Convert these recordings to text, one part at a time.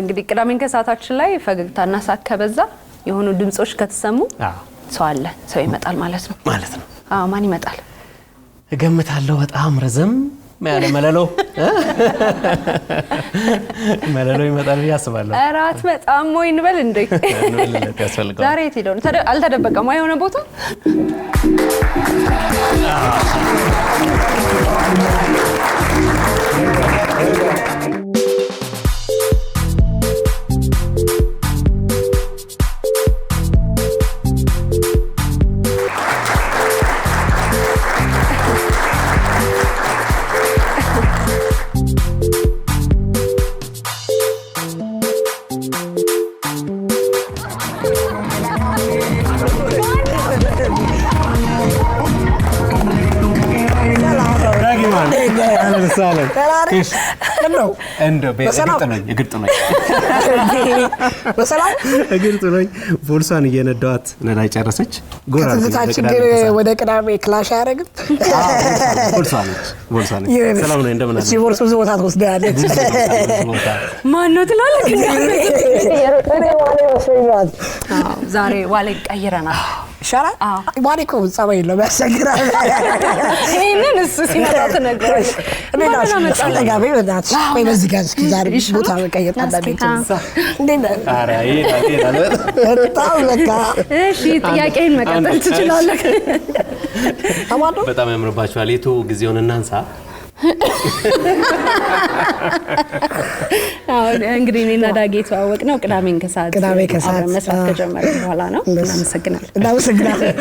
እንግዲህ ቅዳሜን ከሰዓታችን ላይ ፈገግታና ሳቅ ከበዛ የሆኑ ድምጾች ከተሰሙ ሰው አለ፣ ሰው ይመጣል ማለት ነው ማለት ነው። አዎ ማን ይመጣል እገምታለሁ። በጣም ረዘም ያለ መለሎ መለሎ ይመጣል ብዬ አስባለሁ። ኧረ አትመጣም ወይ እንበል እንዴ? ዛሬ የት ሄደው አልተደበቀም የሆነ ቦታ በሰላም እግር ጥሎኝ ቦርሷን እየነዳዋት ነዳጅ ጨረሰች። ጎራችን ግን ወደ ቅዳሜ ክላሽ አያደርግም። ሰላም ነው እንደምን አለ። ቦርሳ ብዙ ቦታ ትወስደዋለች። ማነው ትላለች። ዛሬ ዋለ ይቀይረናል ይሻላል። ባሪ እኮ ጸባይ የለውም ያስቸግራል። ይህንን እሱ ሲመጣ ትነግረዋለህ። በጣም ያምርባችኋል። የቱ ጊዜውን እናንሳ አሁን እንግዲህ እኔና ዳጌ የተዋወቅ ነው ቅዳሜ ከሰዓት ቅዳሜ ከሰዓት መስራት ከጀመረ በኋላ ነው። እናመሰግናለን እናመሰግናለን።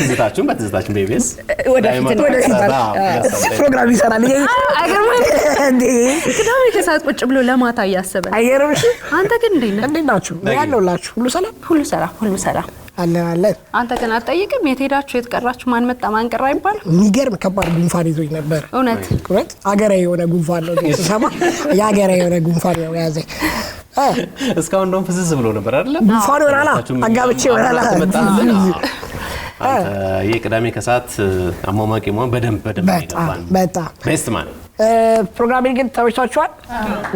ትዝታችሁን በትዝታችን ቤቤስ ወደፊት ፕሮግራም ይሰራል። ቅዳሜ ከሰዓት ቁጭ ብሎ ለማታ እያሰበ አየርምሽ አንተ ግን እንዴት ነህ? እንዴት ናችሁ ያለውላችሁ? ሁሉ ሰላም ሁሉ ሰላም ሁሉ ሰላም አለን አለን። አንተ ግን አትጠይቅም? የት ሄዳችሁ የት ቀራችሁ ማን መጣ ማን ቀራ ይባል። የሚገርም ከባድ ጉንፋን ይዞኝ ነበር። እውነት እውነት አገራዊ የሆነ ጉንፋን ነው ስሰማ፣ የአገራዊ የሆነ ጉንፋን ነው የያዘኝ። እስካሁን እንደውም ፍዝዝ ብሎ ነበር አይደለ? ጉንፋን ይሆናላ አጋብቼ ይሆናላ ይህ ቅዳሜ ከሰዓት አሟሟቂ መሆን በደንብ በደንብ ይገባል። በጣም ቤስት ማን ፕሮግራሜን ግን ተመችቷችኋል?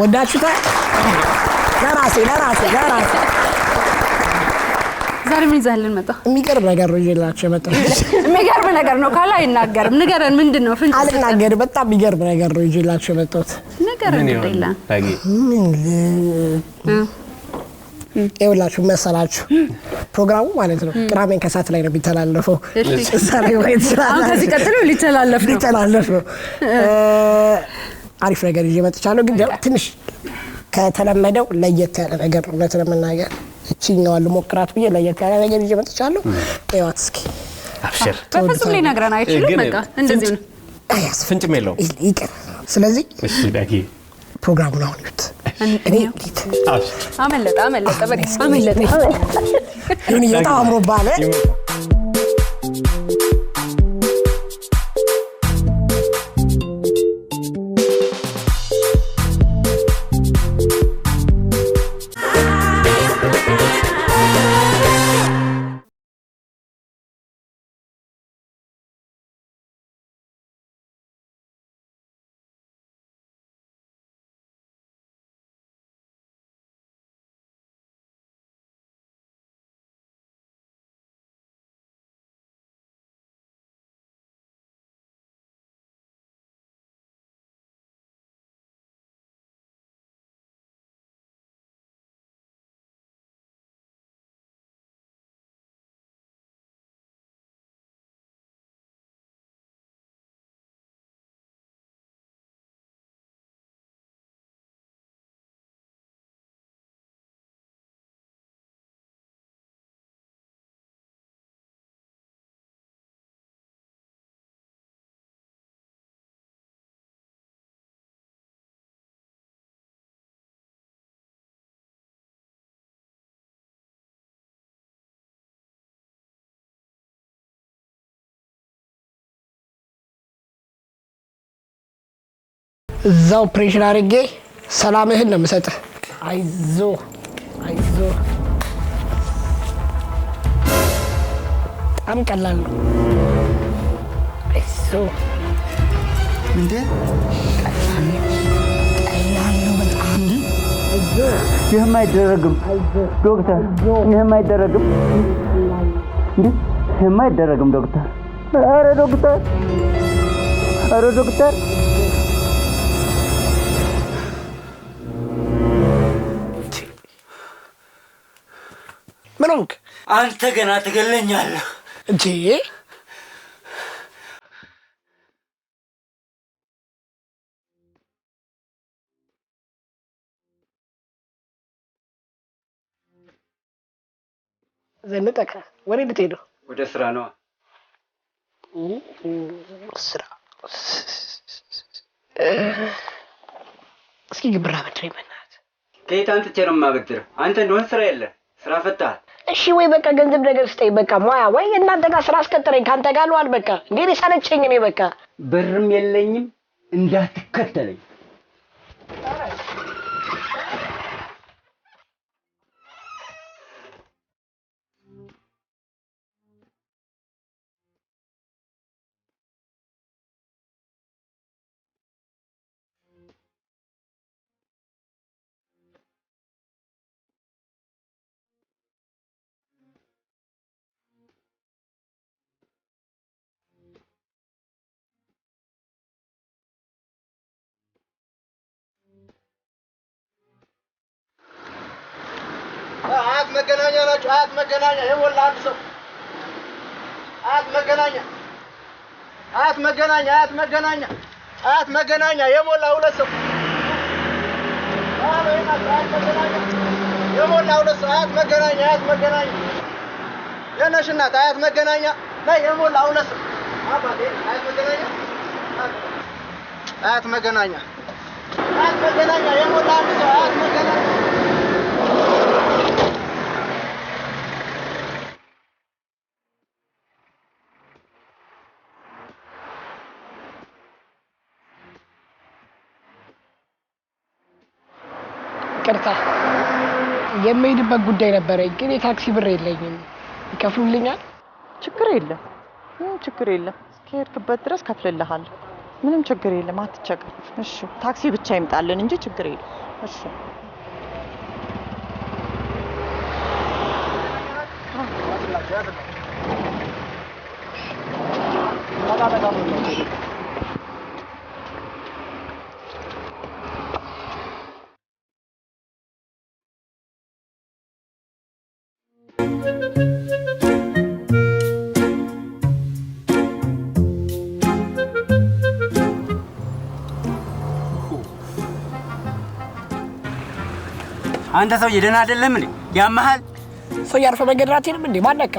ወዳችሁታል? ለራሴ ለራሴ ለራሴ ዛሬ ምን ይዛልን መጣ? የሚቀርብ ነገር ነው ይላችሁ የመጣው የሚገርም ነገር ነው ካለ አይናገርም። ንገረን፣ ምንድን ነው ፍንጭ? አልናገርም። በጣም የሚገርም ነገር ነው ይላችሁ የመጣሁት ነገር እንደሌላ ይኸውላችሁ መሰላችሁ ፕሮግራሙ ማለት ነው ቅዳሜን ከሰዓት ላይ ነው የሚተላለፈው። እዛ ላይ ማየት ይችላል። ከዚህ ቀጥሎ ሊተላለፍ ነው። ሊተላለፍ ነው። አሪፍ ነገር ይዤ መጥቻለሁ፣ ግን ትንሽ ከተለመደው ለየት ያለ ነገር እውነት ለመናገር እችኛዋን ልሞክራት ብዬ ለየት ያለ ነገር ይዤ መጥቻለሁ። ዋት እስኪ አብሽር። በፍጹም ሊነግረን አይችልም። በቃ እንደዚህ ነው። ፍንጭም የለውም። ይቀር። ስለዚህ ፕሮግራሙን አሁን ይሁት እኔ አመለጠ አመለጠ በቃ አመለጠ ይሁን እየጣም አምሮብሃል እዛው ኦፕሬሽን አድርጌ ሰላምህን ነው የምሰጥህ። አይዞ አይዞ። በጣም ቀላል ነው። አይዞ እንዴ ይህም አይደረግም ዶክተር፣ ይህም አይደረግም። እንዴ ይህም አይደረግም ዶክተር። ኧረ ዶክተር፣ ኧረ ዶክተር ምን ሆንክ አንተ? ገና ትገለኛለህ እንዴ? ዘንጠቀ ወደ ልትሄድ ነው? ወደ ስራ ነዋ። ስራ እስኪ ግብራ ብድረኝ በእናትህ። ከየት አንጥቼ ነው የማበድረው? አንተ እንደሆን ስራ የለ ስራ ፈታሃል። እሺ ወይ በቃ ገንዘብ ነገር ስጠኝ። በቃ ሙያ ወይ እናንተ ጋር ስራ አስከተለኝ ካንተ ጋር ልዋል። በቃ እንዴ ሰለቸኝ እኔ በቃ ብርም የለኝም እንዳትከተለኝ ሀያት መገናኛ ይኸውልህ፣ አንድ ሰው ሀያት መገናኛ ሀያት መገናኛ ሀያት መገናኛ ሀያት መገናኛ የሞላ ሁለት ሰው የሞላ ሁለት ሰው ሀያት መገናኛ ሀያት መገናኛ የነሽ እናት ሀያት መገናኛ ላይ የሞላ ሁለት ሰው ሀያት መገናኛ ሀያት መገናኛ ይቅርታ የምሄድበት ጉዳይ ነበረኝ፣ ግን የታክሲ ብር የለኝም። ይከፍሉልኛል? ችግር የለም ምንም ችግር የለም። እስከሄድክበት ድረስ ከፍልልሃል። ምንም ችግር የለም፣ አትቸገር። እሺ ታክሲ ብቻ ይምጣልን እንጂ ችግር የለም። እሺ አንተ ሰውዬ ደህና አይደለም እንዴ? ያመሃል ሰው ያርፈ መንገድ ራቴንም እንዴ ማነካ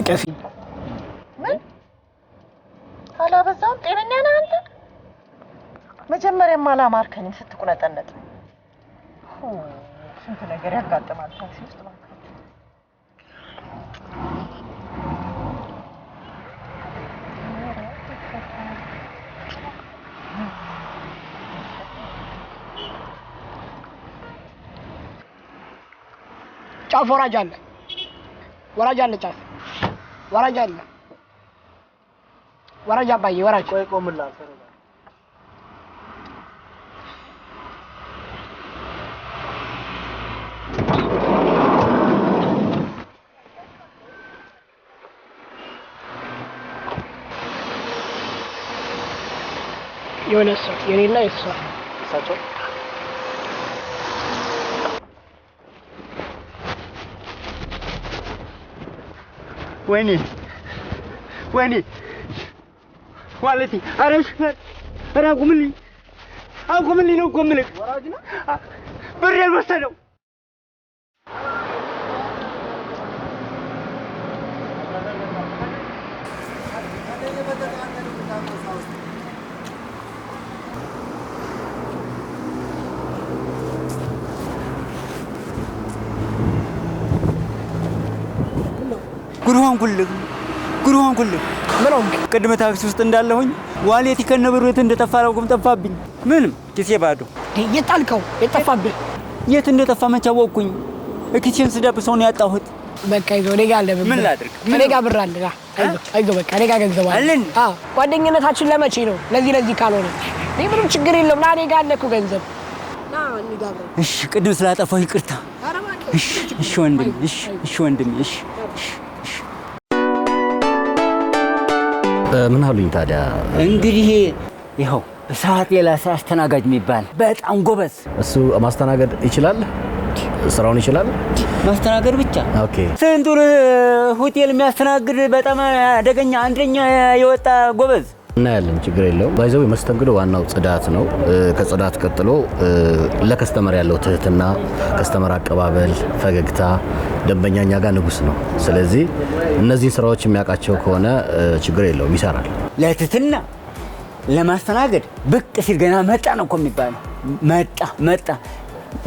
እቀፊ። ምን አላበዛውም? ጤነኛ ነህ አንተ? መጀመሪያም አላማርከኝም ስትቁነጠነጥ። ስንት ነገር ያጋጥማል ታክሲ ውስጥ ማለት ጫፍ ወራጅ አለ፣ ወራጅ አለ፣ ጫፍ ወራጅ አለ፣ ወራጅ አባዬ ወራጅ። ቆይ ቆምላ የሆነ ሰው የኔና የሷ እሳቸው ወይኔ ወይኔ ዋለቴ ኧረ ኧረ አቁምልኝ አቁምልኝ ነው እኮ የምልህ ብሬን ወሰደው ጉድ ሆንኩልህ፣ ጉድ ሆንኩልህ። ምን ሆንክ? ቅድመ ታክሲ ውስጥ እንዳለሁኝ ዋሌት ከነብሬት እንደጠፋ አላውቅም። ጠፋብኝ። ምንም ኪሴ ባዶ። የት ጣልከው? የት ጠፋብህ? የት እንደጠፋ መቼ አወቅኩኝ? ኪሴን ስደብሰው ነው ያጣሁት። በቃ ይዞ እኔ ጋር አለ። ምን ላድርግ? እኔ ጋር ብር አለ። አይዞ በቃ እኔ ጋር ገንዘብ አለ። አዎ ጓደኝነታችን ለመቼ ነው? ለዚህ ለዚህ ካልሆነ እኔ ምንም ችግር የለውም። ና እኔ ጋር አለ እኮ ገንዘብ። እሺ ቅድም ስላጠፋሁ ይቅርታ። እሺ እሺ ወንድሜ፣ እሺ እሺ ወንድሜ፣ እሺ እሺ ምን አሉኝ ታዲያ? እንግዲህ ይኸው ሰዓት ሌላ ሰ አስተናጋጅ የሚባል በጣም ጎበዝ፣ እሱ ማስተናገድ ይችላል፣ ስራውን ይችላል ማስተናገድ ብቻ። ኦኬ ስንቱን ሆቴል የሚያስተናግድ በጣም አደገኛ አንደኛ የወጣ ጎበዝ እናያለን። ችግር የለውም። ባይዘው መስተንግዶ ዋናው ጽዳት ነው። ከጽዳት ቀጥሎ ለከስተመር ያለው ትህትና፣ ከስተመር አቀባበል፣ ፈገግታ ደንበኛ እኛ ጋር ንጉስ ነው። ስለዚህ እነዚህን ስራዎች የሚያውቃቸው ከሆነ ችግር የለውም፣ ይሰራል። ለትህትና ለማስተናገድ ብቅ ሲል ገና መጣ ነው እኮ የሚባለው። መጣ መጣ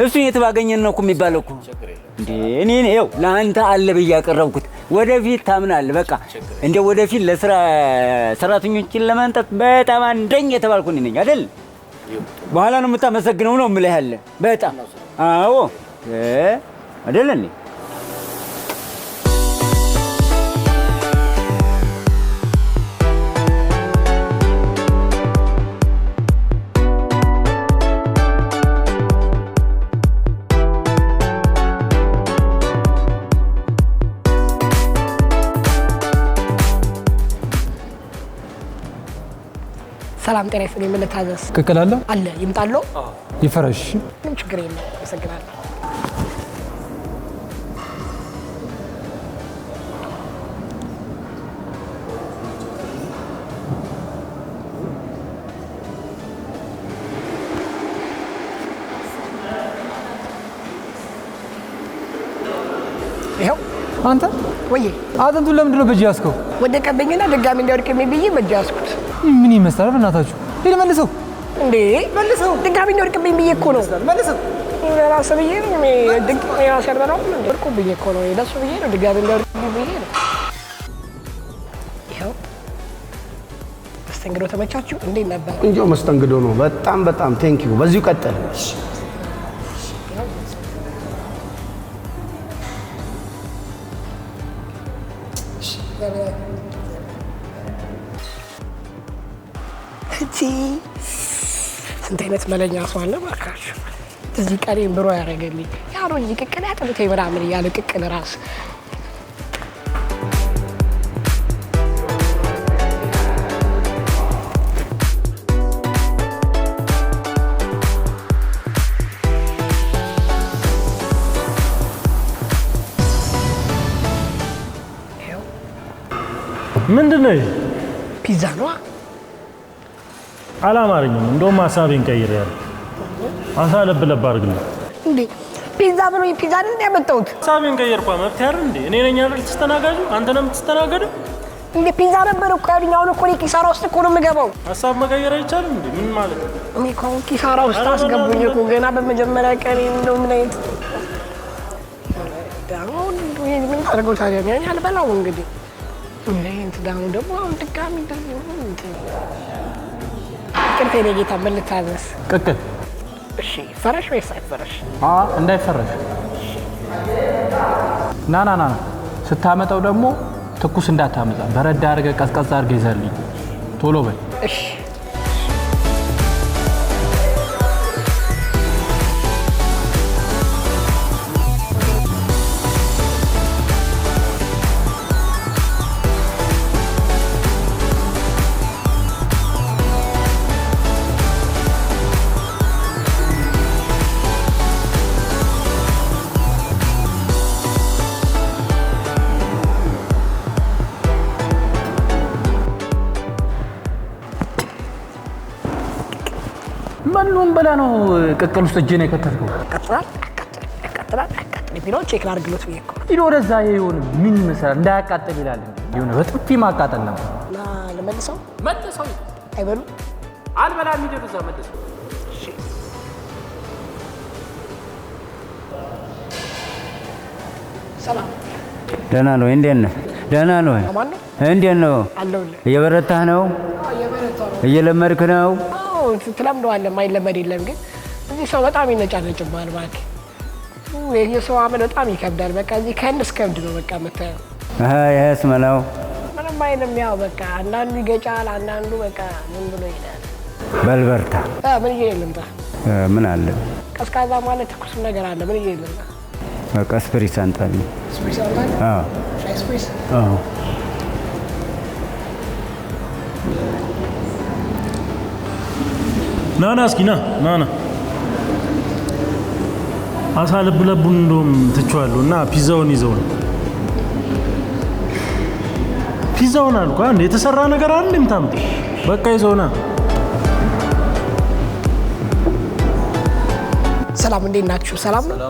እሱን የት ባገኘን ነው እኮ የሚባለው እኮ እኔ ው ለአንተ አለ ብዬ ያቀረብኩት ወደፊት ታምናለህ። በቃ እንደ ወደፊት ለስራ ሰራተኞችን ለማንጣት በጣም አንደኝ የተባልኩ ነኝ አይደል? በኋላ ነው የምታመሰግነው ነው የምልህ ያለ በጣም አዎ አይደል እንዴ ሰላም ጤና ይስጥ የምንታዘዝ ቅቅል አለ አለ ይምጣለው ይፈረሽ ምን ችግር የለም። አመሰግናለሁ። አንተ ወይ አጥንቱን ለምንድን ነው በእጅ ያዝከው? ወደቀብኝና ድጋሚ እንዳይወድቅብኝ ብዬ በእጅ ያዝኩት። ምን ይመስላል? በእናታችሁ ሂድ መልሰው። እንዴ መልሰው፣ ድጋሚ ወድቅብኝ ብዬ እኮ ነው። መልሰው ራስ ብዬ ራስ ያልበላው ወድቁብኝ እኮ ነው። ለሱ ብዬ ነው ድጋሚ እንዳወድቅብኝ ብዬ ነው። ይኸው መስተንግዶ ተመቻችሁ? እንዴ ነበር? እንጆ መስተንግዶ ነው። በጣም በጣም ቴንክ ዩ። በዚሁ ቀጥል። መለኛ ሰው አለ እባካችሁ። እዚህ ቀኔን ብሮ ያደረገልኝ ያሮኝ ቅቅል ያቅብቴ ምናምን እያለ ቅቅል ራስ ምንድን ነው? ፒዛ ነዋ። አላማረኝም። እንደውም ሀሳቤን ያለ አሳ ለብ ለብ አድርግልኝ። እንዴ ፒዛ ብሎ ፒዛ አይደል ያመጣሁት? ሀሳቤን ቀየርኳ። መብት ያር እንዴ እኔ ነኝ አይደል ትስተናገዱ አንተ ነው የምትስተናገደው? እንዴ ፒዛ ነበር እኮ ያሉኝ። አሁን እኮ እኔ ኪሳራ ውስጥ እኮ ነው የምገባው። ሀሳብ መቀየር አይቻልም እንዴ? ምን ማለት ነው? እኔ እኮ አሁን ኪሳራ ውስጥ አስገቡኝ እኮ ገና በመጀመሪያ ቀን ነው። ምን አይነት ምን ታደርገው ታዲያ? ያን ያልበላው እንግዲህ እንዴ እንት ደግሞ አሁን ድጋሚ እንደዚህ ነው እንትን ይቅርታ የእኔ ጌታ ምን ልታዘዝ? ቅቅል። እሺ ይፈረሽ ወይስ አይፈረሽ? አዎ እንዳይፈረሽ። ና ና ና ስታመጣው ደግሞ ትኩስ እንዳታመጣ፣ በረዳ አድርገህ ቀዝቀዝ አድርገህ ይዘህልኝ ቶሎ በል። እሺ ሌላ ነው ቅቅል ውስጥ እጄን የከተትከው? ቀጥላል ያቃጥላል አያቃጥል የሚለውን ቼክ ላድርግሎት ብዬ እኮ ሂዶ ወደዛ ይሁን ምን ይመስላል እንዳያቃጥል ይላል። ሆነ በጥፊ ማቃጠል ነው። ለመልሰው መልሰው አይበሉ አልበላ የሚደሩ እዛ መልሰው ደህና ነው። እንዴት ነህ? ደህና ነው። እንዴት ነው? እየበረታህ ነው? እየለመድክ ነው? ትለምደዋለህ፣ ማይለመድ የለም ግን እዚህ ሰው በጣም ይነጫነጭባል። እባክህ የሰው አመል በጣም ይከብዳል። በቃ እዚህ ከእንድ እስከ እምድ ነው በቃ የምታየው። ይህስ ምነው ምንም አይልም። ያው በቃ አንዳንዱ ይገጫል፣ አንዳንዱ በቃ ምን ብሎ ይላል። በልበርታ ምን እየ ልምጣ ምን አለ ቀዝቃዛ ማለት ትኩስ ነገር አለ። ምን እየ ልምጣ በቃ ስፕሪስ አንጣል ስፕሪስ ና ና እስኪ ና ና ና አሳ ለብ ለቡን እንደውም ትቼዋለሁ እና ፒዛውን ይዘው ነው ፒዛውን አልኩ አንድ የተሰራ ነገር አለ የምታምጡ በቃ ይዘውና ሰላም እንዴት ናችሁ ሰላም ነው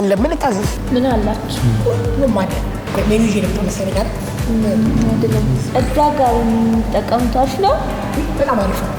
አለ ምን ታዝዝ ምን አላችሁ ሁሉም አለ ሜኑ ይዤ ልምጣ መሰለኝ አይደል እዛ ጋር የሚጠቀሙት ነው በጣም አሪፍ ነው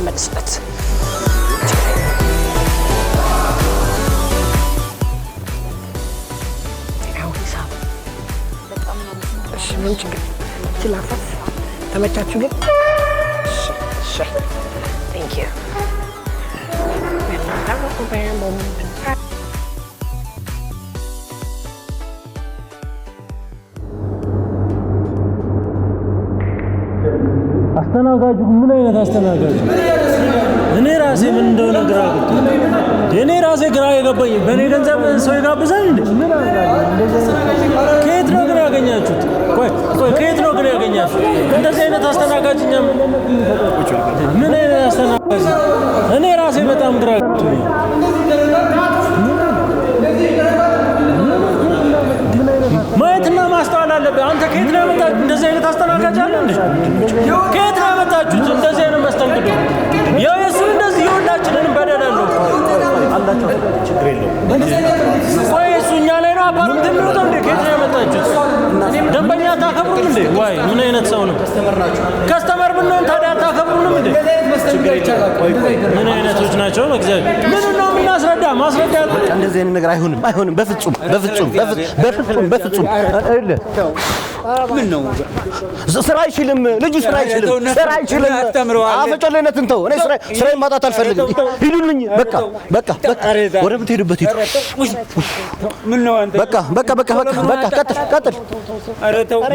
እንድመለስበት ምን ችግር ችላፋት ተመቻችሁ ግን አስተናጋጁ ምን አይነት አስተናጋጅ ነው? ራሴ ምን እንደሆነ ግራ ገብቶ እኔ ራሴ ግራ የገባኝ በእኔ ገንዘብ ሰው ይጋብዛል እንዴ? ከየት ነው ግን ያገኛችሁት? ከየት ነው ግን ያገኛችሁት? እንደዚህ አይነት አስተናጋጅ ምን አይነት አስተናጋጅ? እኔ ራሴ በጣም ግራ ገብቶ ማየትና ማስተዋል አለብህ። አንተ ከየት ነው ያመጣችሁት? እንደዚህ አይነት አስተናጋጅ አለ እንዴ? ከየት ነው ያመጣችሁት? እንደዚህ አይነት መስተንግዶ ካላችሁ ችግር እኛ ላይ ነው አፓርት የሚወጣው እንዴ? ከየት ነው ደንበኛ ታከብሩም እንዴ? ቆይ ምን አይነት ሰው ነው? ከስተመር ብንሆን ታዲያ ታከብሩንም እንዴ? ምን አይነቶች ናቸው? በእግዚአብሔር ምን ነው የምናስረዳ? ማስረዳ ያለ እንደዚህ አይነት ነገር አይሆንም፣ አይሆንም፣ በፍጹም በፍጹም በፍጹም በፍጹም ምን ነው ስራ አይችልም ልጁ ስራ አይችልም፣ ስራ አይችልም። ተው። እኔ ስራ ስራ ማጣት አልፈልግም። ሂዱልኝ። በቃ በቃ በቃ፣ ወደምትሄዱበት ሂዱ። በቃ በቃ በቃ ሂዱ በቃ በቃ በቃ በቃ ቀጥል ቀጥል።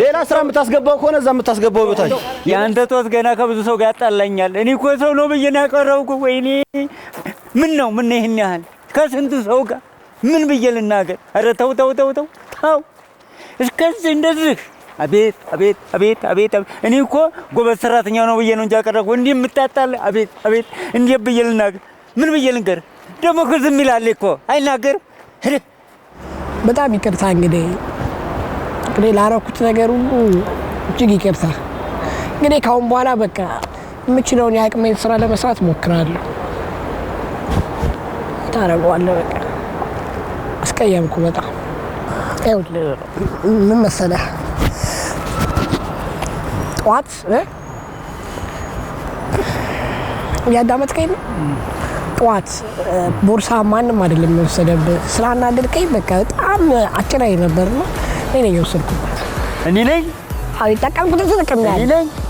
ሌላ ስራ የምታስገባው ከሆነ እዛ የምታስገባው ቦታ። የአንተ ገና ከብዙ ሰው ጋር ያጣላኛል። እኔ እኮ ሰው ነው ብዬ ነው ያቀረብኩ። ወይኔ ምን ነው ምን ይህን ያህል ከስንቱ ሰው ጋር ምን ብዬ ልናገር? ኧረ ተው ተው ተው ተው ተው፣ እስከዚህ እንደዚህ አቤት አቤት አቤት አቤት! እኔ እኮ ጎበዝ ሰራተኛ ነው ብዬ ነው እንጂ አቀረብኩ እንዲህ የምታጣል። አቤት አቤት! እንዴ ብዬ ልናገር? ምን ብዬ ልንገር? ደግሞ እኮ ዝም ይላል እኮ አይናገር። በጣም ይቅርታ እንግዲህ እንግዲህ ላረኩት ነገር ሁሉ እጅግ ይቅርታ። እንግዲህ ካሁን በኋላ በቃ የምችለውን የአቅሜን ስራ ለመስራት ሞክራለሁ። ታረገዋለህ። በቃ አስቀየምኩ በጣም ምን መሰለህ ጠዋት ያዳመጥከኝ ጠዋት ቦርሳ ማንም አይደለም የወሰደብህ። ስላናደድከኝ በቃ በጣም አጭራይ ነበር ነው እኔ ነኝ የወሰድኩበት። እኔ ነኝ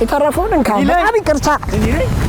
የተረፈውን እንካ። በጣም ይቅርታ